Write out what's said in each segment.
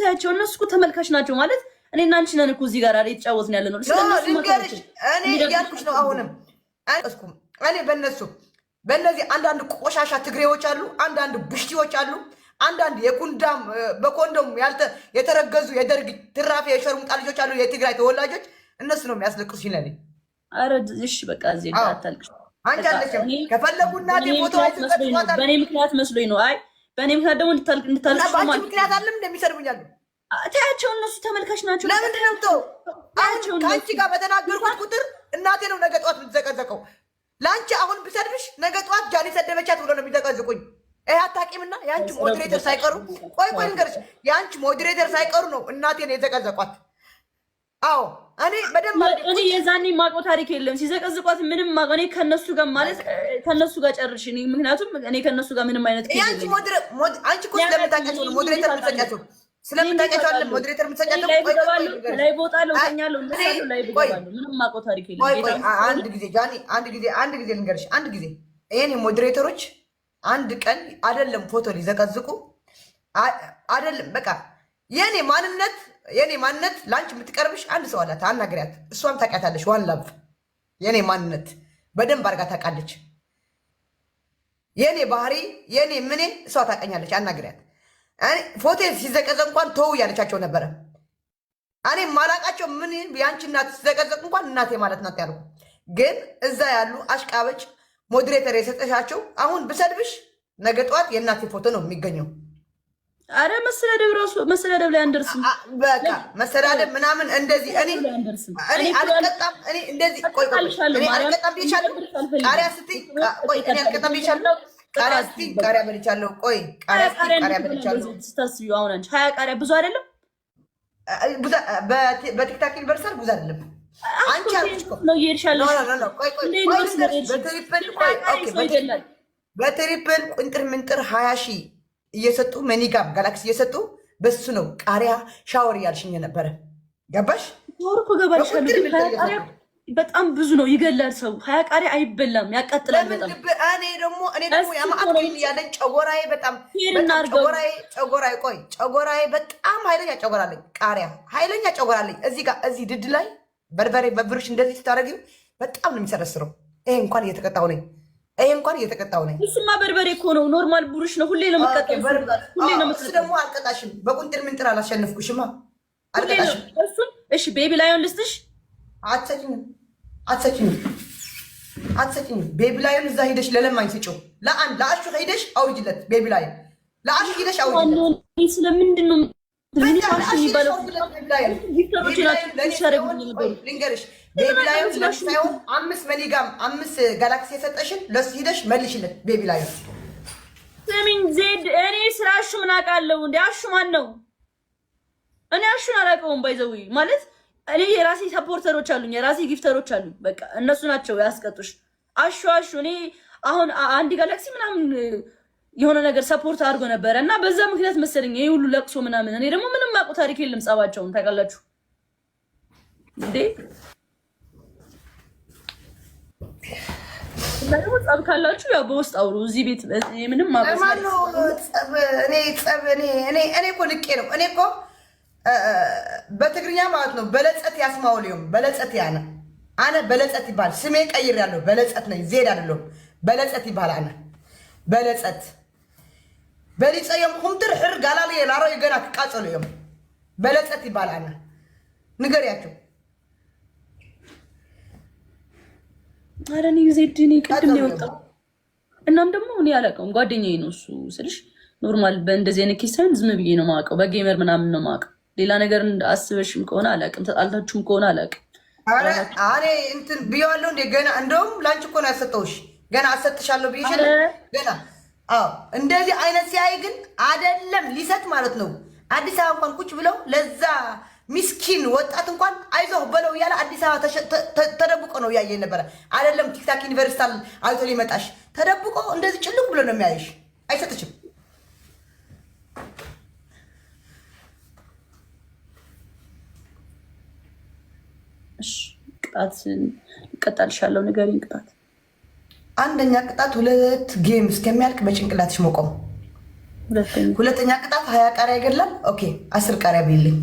ስታያቸው እነሱ እኮ ተመልካች ናቸው ማለት እኔ እና አንቺ ነን እኮ እዚህ ጋር የተጫወትን ያለ ነው። እኔ እያልኩሽ ነው። አሁንም እኔ በእነሱ በእነዚህ አንዳንድ ቆሻሻ ትግሬዎች አሉ፣ አንዳንድ ብሽቲዎች አሉ፣ አንዳንድ የኩንዳም በኮንዶም ያልተ የተረገዙ የደርግ ትራፊ የሸርሙጣ ልጆች አሉ፣ የትግራይ ተወላጆች እነሱ ነው የሚያስለቅሱ ይለኔ። አረ እሺ በቃ እዚህ አታልቅሽ አንቺ አለሽም። ከፈለጉ እናቴ በእኔ ምክንያት መስሎኝ ነው አይ በእኔ ምክንያት ደግሞ እንድታልቅሽ ምክንያት አለም እንደሚሰድቡኛሉ ታያቸው። እነሱ ተመልካች ናቸው። ለምንድን ነው የምትተው? ከአንቺ ጋር በተናገርኩት ቁጥር እናቴ ነው ነገ ጠዋት የምትዘቀዘቀው። ለአንቺ አሁን ብሰድብሽ ነገ ጠዋት ጃኒ ሰደበቻት ብሎ ነው የሚዘቀዝቁኝ። ይህ አታቂምና የአንቺ ሞዴሬተር ሳይቀሩ ቆይ ቆይ ንገርሽ የአንቺ ሞዴሬተር ሳይቀሩ ነው እናቴ ነው የዘቀዘቋት። አዎ እኔ በደንብ እኔ የዛኔ ማቆ ታሪክ የለም። ሲዘቀዝቋት ምንም ማውቀው እኔ ከነሱ ጋር ማለት ከነሱ ጋር ጨርሽ። ምክንያቱም እኔ ከነሱ ጋር ምንም አይነት አንቺ ነው ላይ ላይ ምንም ታሪክ የለም። አንድ ጊዜ ጃኒ፣ አንድ አንድ ልንገርሽ፣ አንድ ሞዴሬተሮች አንድ ቀን አይደለም ፎቶ ሊዘቀዝቁ አይደለም በቃ የኔ ማንነት የኔ ማንነት ለአንቺ የምትቀርብሽ አንድ ሰው አላት፣ አናግሪያት። እሷም ታውቂያታለሽ። ዋን ላቭ የኔ ማንነት በደንብ አድርጋ ታውቃለች። የኔ ባህሪ፣ የኔ ምኔ እሷ ታውቀኛለች። አናግሪያት። ፎቴ ሲዘቀዘቅ እንኳን ተው እያለቻቸው ነበረ። እኔ ማላቃቸው ምን የአንቺ እናት ሲዘቀዘቅ እንኳን እናቴ ማለት ናት ያልኩ። ግን እዛ ያሉ አሽቃበጭ ሞዴሬተር የሰጠሻቸው አሁን ብሰድብሽ ነገ ጠዋት የእናቴ ፎቶ ነው የሚገኘው። አረ መሰዳደብ ራሱ መሰዳደብ ላይ አንደርስም። በቃ መሰዳደብ ምናምን እንደዚህ እኔ እኔ አልቀጣም። እኔ እንደዚህ ቆይ ቆይ እኔ አልቀጣም ብዬሻለሁ። ቃሪያ ስትይ ቆይ እኔ አልቀጣም ብዬሻለሁ። ቃሪያ ስትይ ቃሪያ በልቻለሁ። ቆይ ቃሪያ ስትይ ቃሪያ በልቻለሁ። ስታስቢው አሁን አንቺ ሀያ ቃሪያ ብዙ አይደለም። በቲክታክ ዩኒቨርሳል ብዙ አይደለም። አንቺ አልኩሽ ነው ይርሻለሁ። ኖ ኖ ቆይ ቆይ በትሪፕል ቆይ ኦኬ በትሪፕል ቁንጥር ምንጥር ሀያ ሺህ እየሰጡ መኒጋብ ጋላክሲ እየሰጡ በሱ ነው ቃሪያ ሻወር እያልሽኝ ነበረ። ገባሽ? በጣም ብዙ ነው፣ ይገላል ሰው። ሀያ ቃሪያ አይበላም፣ ያቃጥላል በጣም። እኔ ደግሞ እኔ ደግሞ የማአት ያለኝ ጨጎራዬ በጣም ጨጎራዬ ጨጎራዬ ቆይ ጨጎራዬ በጣም ኃይለኛ ጨጎራለኝ፣ ቃሪያ ኃይለኛ ጨጎራለኝ። እዚህ ጋር እዚህ ድድ ላይ በርበሬ በብርሽ እንደዚህ ስታደረግ በጣም ነው የሚሰረስረው። ይሄ እንኳን እየተቀጣሁ ነኝ። ይሄ እንኳን እየተቀጣው ነኝ። እሱማ በርበሬ እኮ ነው፣ ኖርማል ብሩሽ ነው። ሁሌ ነው የምትቀጣው። ሁሌ ነው እሱ ደግሞ አልቀጣሽም። በቁንጥል ምንጥል አላሸንፍኩሽማ፣ አልቀጣሽም። እሱን እሺ፣ ቤቢ ላዮን ልስጥሽ። አትሰጭኝም፣ አትሰጭኝም፣ አትሰጭኝም። ቤቢ ላዮን እዛ ሄደሽ ለለማኝ ስጭው። ለአንድ ለአሹ ሄደሽ አውጅለት። ቤቢ ላዮን ለአሹ ሄደሽ አውጅለት። ስለምንድን ነው ልንገርሽ ቤቢ አምስት መኒጋም አምስት ጋላክሲ የሰጠሽን ለሱ ሂደሽ መልሽለት። ቤቢ ላዮን ስሚኝ ዜድ፣ እኔ ስለ አሹ ምን አውቃለሁ? እንደ አሹ ማን ነው? እኔ አሹን አላውቀውም። ባይዘዊ ማለት እኔ የራሴ ሰፖርተሮች አሉኝ፣ የራሴ ጊፍተሮች አሉኝ። በቃ እነሱ ናቸው ያስቀጡሽ። አሹ አሹ እኔ አሁን አንድ ጋላክሲ ምናምን የሆነ ነገር ሰፖርት አድርጎ ነበረ እና በዛ ምክንያት መሰለኝ ይህ ሁሉ ለቅሶ ምናምን። እኔ ደግሞ ምንም አውቁ ታሪክ የለም። ጸባቸውን ታውቃላችሁ እንዴ? እና ደግሞ ጸብ ካላችሁ ያው በውስጥ አውሩ። እዚህ ቤት ምንም እኔ እኮ ልቄ ነው እኔ እኮ በትግርኛ ማለት ነው በለጸት ያስማውልዮም በለጸት ያነ አነ በለጸት ይባል ስሜ ቀይር ያለው በለጸት ነኝ ዜድ አይደለሁም። በለጸት ይባል አነ በለጸት በሊፀየም ኩምትር ሕር ጋላል የላሮ የገና ክቃፀሉ እዮም በለፀት ይባላል። ንገሪያቸው አረን ዩዜድን ቅድም የወጣው እናም ደግሞ እኔ አላውቀውም ጓደኛዬ ነው እሱ ስልሽ ኖርማል በእንደዚህ አይነት ኬስ ሳይሆን ዝም ብዬ ነው ማውቀው። በጌመር ምናምን ነው ማውቀው። ሌላ ነገር አስበሽም ከሆነ አላውቅም። ተጣልታችሁም ከሆነ አላውቅም። አሬ እንትን ብዬዋለሁ እንደ ገና እንደውም ላንቺ እኮ ነው ያሰጠውሽ ገና አሰጥሻለሁ ብዬሽ ገና እንደዚህ አይነት ሲያይ ግን አይደለም ሊሰጥ ማለት ነው። አዲስ አበባ እንኳን ቁጭ ብለው ለዛ ሚስኪን ወጣት እንኳን አይዞህ በለው እያለ አዲስ አበባ ተደብቆ ነው እያየ ነበረ። አይደለም ቲክታክ ዩኒቨርሲታል አይቶ ሊመጣሽ ተደብቆ እንደዚህ ጭልቅ ብሎ ነው የሚያይሽ። አይሰጥችም። ቅጣት እቀጣልሻለሁ፣ ንገሪኝ ቅጣት አንደኛ ቅጣት ሁለት ጌም እስከሚያልቅ በጭንቅላትሽ መቆም። ሁለተኛ ቅጣት ሀያ ቃሪያ አይገላል። ኦኬ አስር ቃሪያ ብይልኝ፣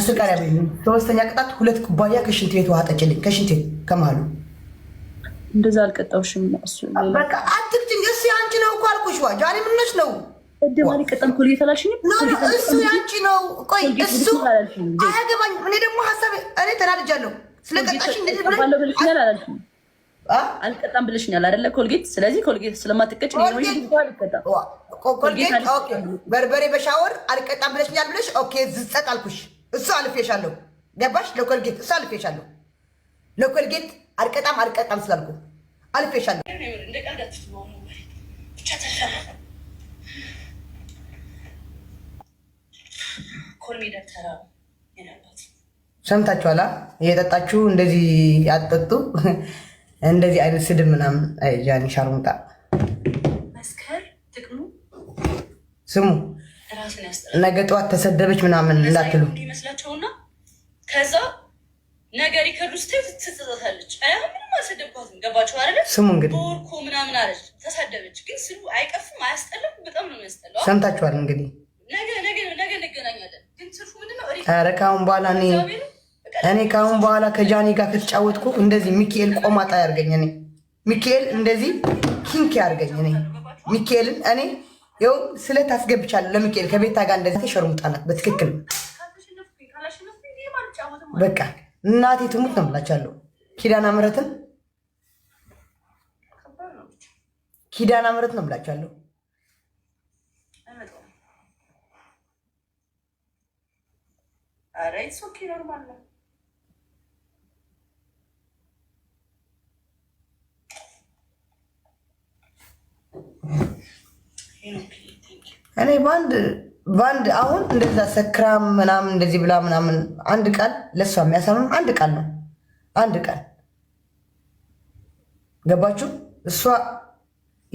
አስር ቃሪያ ብይልኝ። ሶስተኛ ቅጣት ሁለት ኩባያ ከሽንት ቤት ውሃ ጠጭልኝ፣ ከሽንት ቤት ከመሀሉ። እንደዛ አልቀጣውሽም። በቃ አትቅጭኝ። እሱ አንቺ ነው እኮ አልኩሽ። ዋጃ ምነች ነው ደማሪ ቀጠል ኮል እየተላልሽኝ እሱ ያንቺ ነው። ቆይ እሱ አያገባኝም። እኔ ደግሞ ሀሳብ እኔ ተናድጃለሁ። ስለቀጣሽ አልቀጣም ብለሽኛል አይደለ? ኮልጌት ስለዚህ ኮልጌት ስለማትቀጭ በርበሬ በሻወር አልቀጣም ብለሽኛል ብለሽ ኦኬ ዝጸጥ አልኩሽ። እሱ አልፌሻለሁ። ገባሽ? ለኮልጌት እሱ አልፌሻለሁ። ለኮልጌት አልቀጣም አልቀጣም ስላልኩ አልፌሻለሁ። ኮልሜደር ተራ ሰምታችኋላ። እየጠጣችሁ እንደዚህ ያጠጡ እንደዚህ አይነት ስድብ ምናምን ጃኒ ሻርሙጣ መስከር ጥቅሙ ስሙ ነገ ጠዋት ተሰደበች ምናምን እንዳትሉ ይመስላቸውና ከዛ ምንም አልሰደብኳትም። ስሙ እንግዲህ ቦርኮ ምናምን አለች፣ ተሳደበች። ግን አይቀፍም፣ አያስጠላም። በጣም ነው የሚያስጠላው። ሰምታችኋል እንግዲህ ኧረ ከአሁን በኋላ እኔ እኔ በኋላ ከጃኒ ጋር ከተጫወትኩ እንደዚህ ሚካኤል ቆማጣ ያርገኝ። እኔ ሚካኤል እንደዚህ ኪንክ ያርገኝ። እኔ ሚካኤልን እኔ ይኸው ስለት አስገብቻለሁ ለሚካኤል ከቤታ ጋር እንደዚህ ሸርሙጣናት በትክክል በቃ እናቴ ትሙት ነው የምላቻለሁ። ኪዳነ ምሕረትን ኪዳነ ምሕረት ነው የምላቻለሁ። ኧረ ኢትስ ኦኬ ኖርማል ነው። እኔ በአንድ በአንድ አሁን እንደዛ ሰክራም ምናምን እንደዚህ ብላ ምናምን አንድ ቃል ለእሷ የሚያሳምን አንድ ቃል ነው። አንድ ቃል ገባችሁ? እሷ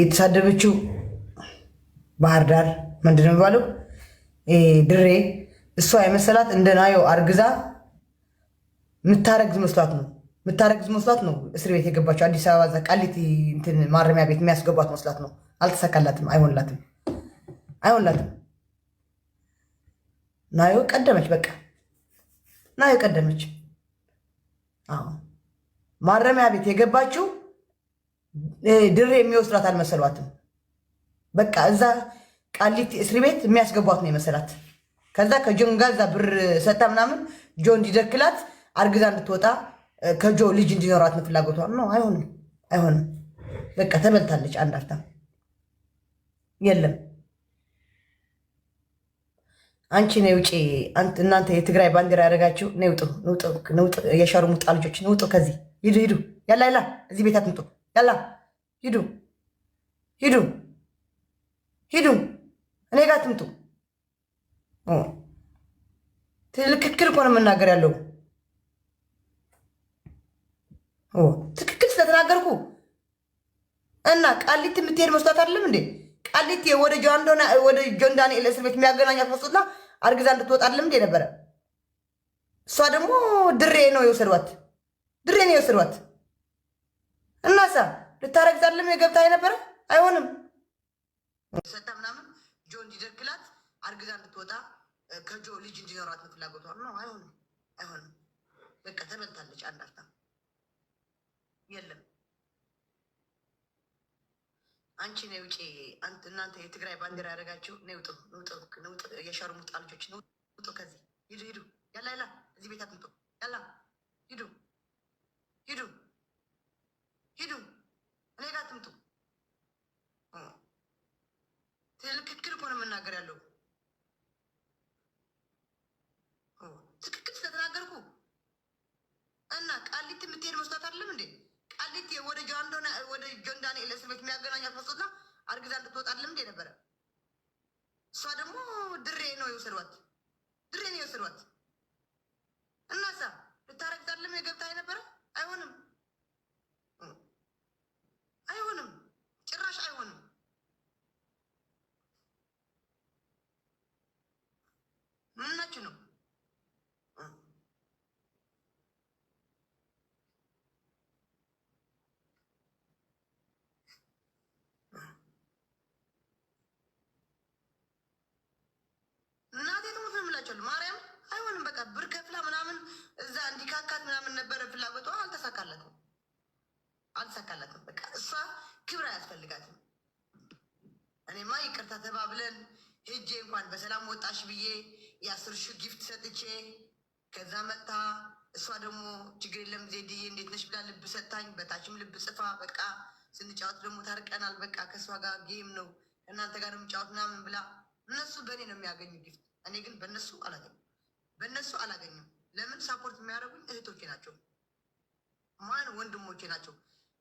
የተሳደበችው ባህር ዳር ምንድን ነው የሚባለው ድሬ እሷ የመሰላት እንደ ናዮ አርግዛ ምታረግዝ መስሏት ነው ምታረግዝ መስሏት ነው እስር ቤት የገባቸው አዲስ አበባ ቃሊቲ እንትን ማረሚያ ቤት የሚያስገቧት መስሏት ነው። አልተሳካላትም። አይሆንላትም፣ አይሆንላትም። ናዮ ቀደመች። በቃ ናዮ ቀደመች። ማረሚያ ቤት የገባችው ድሬ የሚወስዳት አልመሰሏትም። በቃ እዛ ቃሊቲ እስር ቤት የሚያስገቧት ነው የመሰላት። ከዛ ከጆን ጋዛ ብር ሰታ ምናምን ጆ እንዲደክላት አርግዛ እንድትወጣ ከጆ ልጅ እንዲኖራት ነው ፍላጎቷ። ነው አይሆንም፣ አይሆንም። በቃ ተበልታለች። አንድ አፍታ የለም። አንቺ ነይ ውጪ፣ እናንተ የትግራይ ባንዲራ ያደረጋችሁ ነይ ውጡ፣ ውጡ፣ ሙጣ ልጆች ነውጡ። ከዚህ ሂዱ፣ ሂዱ፣ ያላ ያላ፣ እዚህ ቤት አትምጡ፣ ያላ ሂዱ፣ ሂዱ፣ ሂዱ፣ እኔ ጋር አትምጡ። ትክክል እኮ ነው የምናገር ያለው ትክክል ስለተናገርኩ እና ቃሊት የምትሄድ መስሏት አይደለም እንዴ? ቃሊት ወደ ጆን ዳንኤል እስር ቤት የሚያገናኛት መስሎትና አርግዛ እንድትወጣ አይደለም እንዴ ነበረ? እሷ ደግሞ ድሬ ነው የወሰዷት፣ ድሬ ነው የወሰዷት። ሳ ልታረግዛ አይደለም የገብታ ነበረ። አይሆንም ሰታ ምናምን ጆን እንዲደርግላት አርግዛ እንድትወጣ ከጆ ልጅ እንዲኖራት ፍላጎቷ ነው። አይሆንም፣ አይሆንም። በቃ ተበልታለች። አንዳርታ የለም አንቺ ነው ውጪ። እናንተ የትግራይ ባንዲራ ያደረጋችሁ ነውጡ፣ ነውጡ፣ የሸርሙጣ ልጆች ነውጡ። ከዚህ ሂዱ፣ ሂዱ፣ ያላ ያላ፣ እዚህ ቤት አትምጡ፣ ያላ ሂዱ፣ ሂዱ፣ ሂዱ፣ እኔ ጋር አትምጡ። ትልክክል እኮ ነው የምናገር ያለው ያገናኛት መስሎት አርግዛ እንድትወጣልም እንዴ ነበረ። እሷ ደግሞ ድሬ ነው የወሰዷት፣ ድሬ ነው የወሰዷት። እናሳ ልታረግዛልም የገብታ ነበረ አይሆንም አትበል ማርያም አይሆንም። በቃ ብር ከፍላ ምናምን እዛ እንዲካካት ምናምን ነበረ ፍላጎቷ። አልተሳካለትም አልተሳካለትም። በቃ እሷ ክብር አያስፈልጋትም። እኔማ ይቅርታ ተባብለን ሄጄ እንኳን በሰላም ወጣሽ ብዬ የአስር ሺህ ጊፍት ሰጥቼ ከዛ መጥታ እሷ ደግሞ ችግር የለም ዜድዬ እንዴት ነሽ ብላ ልብ ሰጥታኝ በታችም ልብ ጽፋ በቃ ስንጫወት ደግሞ ታርቀናል። በቃ ከእሷ ጋር ጌም ነው እናንተ ጋር ምጫወት ምናምን ብላ እነሱ በእኔ ነው የሚያገኙ ጊፍት እኔ ግን በነሱ አላገኝም፣ በነሱ አላገኝም። ለምን ሳፖርት የሚያደርጉኝ እህቶቼ ናቸው፣ ማን ወንድሞቼ ናቸው።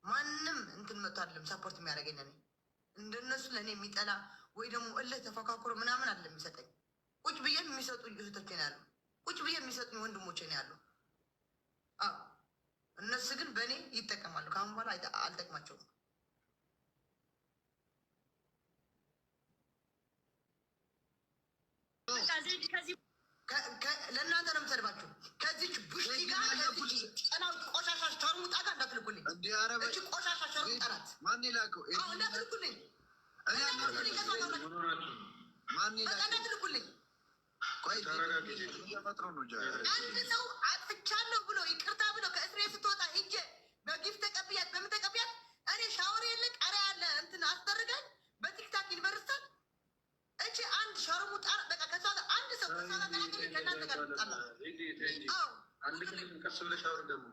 ማንም እንትን መጥቶ አይደለም ሳፖርት የሚያደርገኝ እኔ እንደነሱ ለእኔ የሚጠላ ወይ ደግሞ እልህ ተፈካክሮ ምናምን አይደለም የሚሰጠኝ። ቁጭ ብዬ የሚሰጡኝ እህቶቼ ነው ያሉ፣ ቁጭ ብዬ የሚሰጡኝ ወንድሞቼ ነው ያሉ። እነሱ ግን በእኔ ይጠቀማሉ። ከአሁን በኋላ አልጠቅማቸውም። ለእናንተ ነው የምሰድባችሁ። ከዚች ቡሽቲ ጋር ጠናዎች ቆሻሻሽ ተርሙጣ ጋር እንዳትልኩልኝ። እች ቆሻሻሽ ተርሙጣ ናት። እንዳትልኩልኝ እንዳትልኩልኝ። አንድ ሰው አጥፍቻለሁ ብሎ ይቅርታ ብሎ ከእስር ስትወጣ ቀስ ብለሽ አሁን ደግሞ